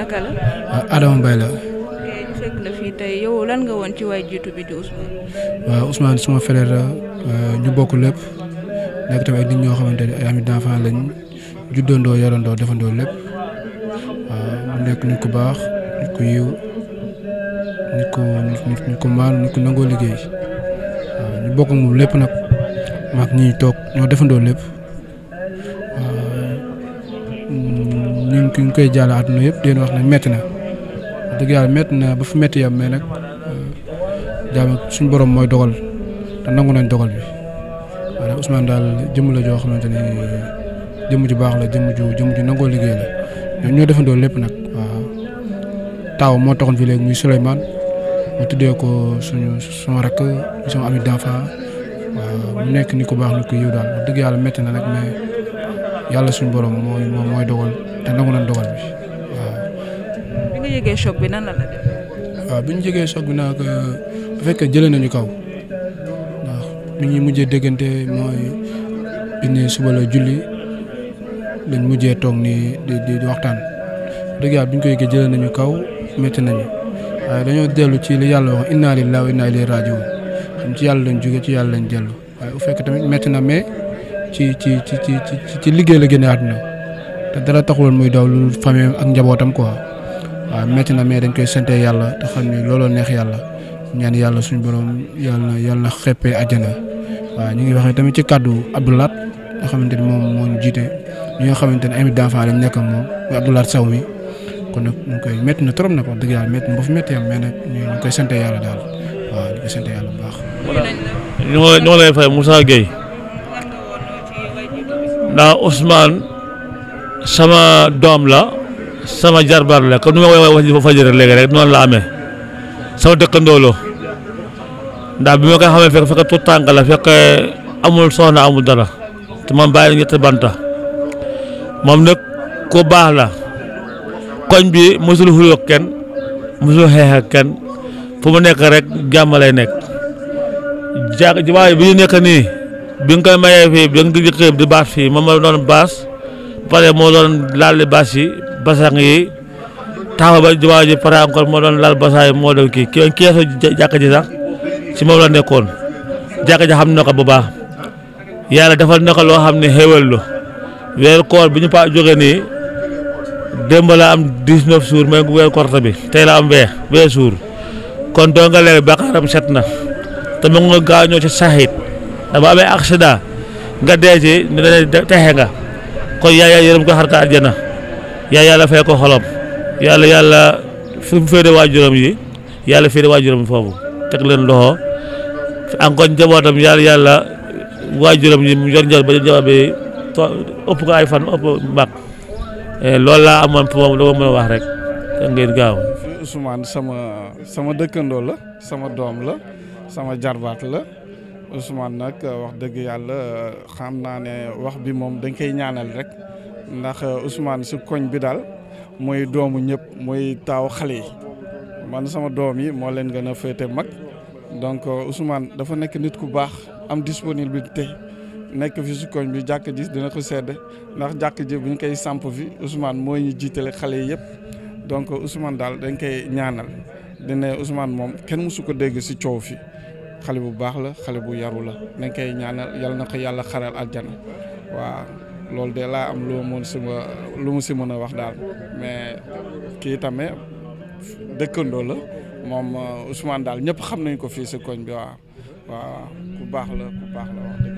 naka la. Ah, Adama Mbaye la. Eh, tey yow lan nga woon ci waay jiitu bi di Ousmane. waaw Ousmane suma frère euh, ñu bokk lépp nekk tamit nit ñoo xamante ne ay amis d'enfant lañ juddandoo yarandoo defandoo lépp waaw mu nekk nit ku baax nit ku yiw nit ku nit nit ku maal nit nangoo liggéey ñu bokk moom lépp nag maak ñi toog ñoo defandoo lépp. ñu ngi koy jàll àdduna yëpp deen wax ne metti na wax dëgg yàlla metti na ba fu metti yam mais nag euh, jaam suñ boroom mooy dogal te nangu nañ dogal bi waaye Ousmane daal jëmm la joo xamante ni jëmm ju baax la jëmm ju jëmm ju nangoo liggéey la ñoo defandoo lépp nag waaw taaw moo taxoon fii léegi muy Souleymane mu tuddee ko suñu sama rakk sama ami d'enfant mu nekk ni ku baax ni ku yiw daal wax dëgg yàlla métti na nag mais yàlla suñu borom mooy mooy dogal te nangu nañ dogal bi waaw. bi nga yëgee choc bi nag euh, bu fekkee jëlee nañu kaw ndax bi mujjee déggante mooy bi ne suba la julli dañ mujjee toog nii di di waxtaan dëgg yàlla bi ñu ko yëgee jëlee nañu kaw métti nañu waaye dañoo dellu ci li yàlla wax inna lillahi wa inna ilayhi rajiun ci yàlla lañu jóge ci yàlla lañu dellu waaye bu fekk tamit métti na mais ci ci ci ci ci liggéey la génne àdduna te dara taxuloon muy daw lu famille ak njabootam quoi waaw métti na mais dañ koy sante yàlla te xam looloo neex yàlla ñaan yàlla suñu borom yàlla na yàlla na xeppee àjjana waaw ñu ngi waxee tamit ci kàddu Abdoulaat nga xamante ni moom moo ñu jiite ñi nga xamante ne ami d'enfant lañ nekk ak moom muy Abdoulaat Saw mi kon nag ñu koy métti na trop na wax dëgg yàlla métti na ba fi métti yàlla mais nag ñu koy sante yàlla daal. waaw di ko ñu ngi fay Moussa Gueye ndax Ousmane sama doom la sama jarbaar la comme nu ma ko waxee fajar léegi rek noonu la sama dëkkandoo ndax bi ma koy xamee fekk fekk tout tànk la fekk amul soxna amul dara te man bàyyi ñetti banta moom nag ku baax la koñ bi mosul xuloo kenn mosul xeex ak fu mu nekk rek jàmm lay nekk ja waaye bi ñu nekk nii bi nga koy mayee fii bi nga jëkkee di baas fii moom la doon baas pare moo doon laal baas yi basan yi taxaw ba jumaa ji pare encore moo doon laal basang yi moo doon kii kii keesu jàkka ji sax ci moom la nekkoon jàkka ji xam na bu baax la defal na loo xam ne xéewal lu weeru koor bi ñu pa jógee nii démb am dix-neuf jours mooy weeru korte bi tey am weer weer jours kon doo nga leer bàkkaaram set na te mu nga gaañoo ci saxiit dama amee accident nga dee ci ñu texe nga kon yaa yaa yërëm ko xar ko àjjana yaa yàlla fay ko xolom yàlla yàlla fu mu féete waajuram yi yàlla féete waajuram foofu teg leen loxo encore njabootam yàlla yàlla waajuram yi mu yor njaboot ba njaboot bi ëpp ko ay fan ëpp mag eh, loolu laa amoon pour moom dama mën a wax rek ngeen gaaw Ousmane sama sama dëkkandoo la sama doom la sama jarbaat la Ousmane nag wax dëgg yàlla xam naa ne wax bi moom dañ koy ñaanal rek ndax Ousmane si koñ bi daal mooy doomu ñëpp mooy taaw xale yi man sama doom yi moo leen gën a féete mag donc Ousmane dafa nekk nit ku baax am disponibilité nekk fi si koñ bi jàkk ji dina ko sedd ndax jàkk ji bu ñu koy samp fi Ousmane moo ñu jiitale xale yi yëpp donc usman daal danga koy ñaanal dina Ousmane moom kenn mësu ko dégg si coow fi xale bu baax la xale bu yaru la dañ koy ñaanal yal na ko yàlla xaral aljana waaw loolu de laa am lu mu si lu mu si mën a wax daal mais kii tamit dëkkandoo la moom Ousmane daal ñëpp xam nañu ko fii si koñ bi waaw waaw ku baax la ku baax la wax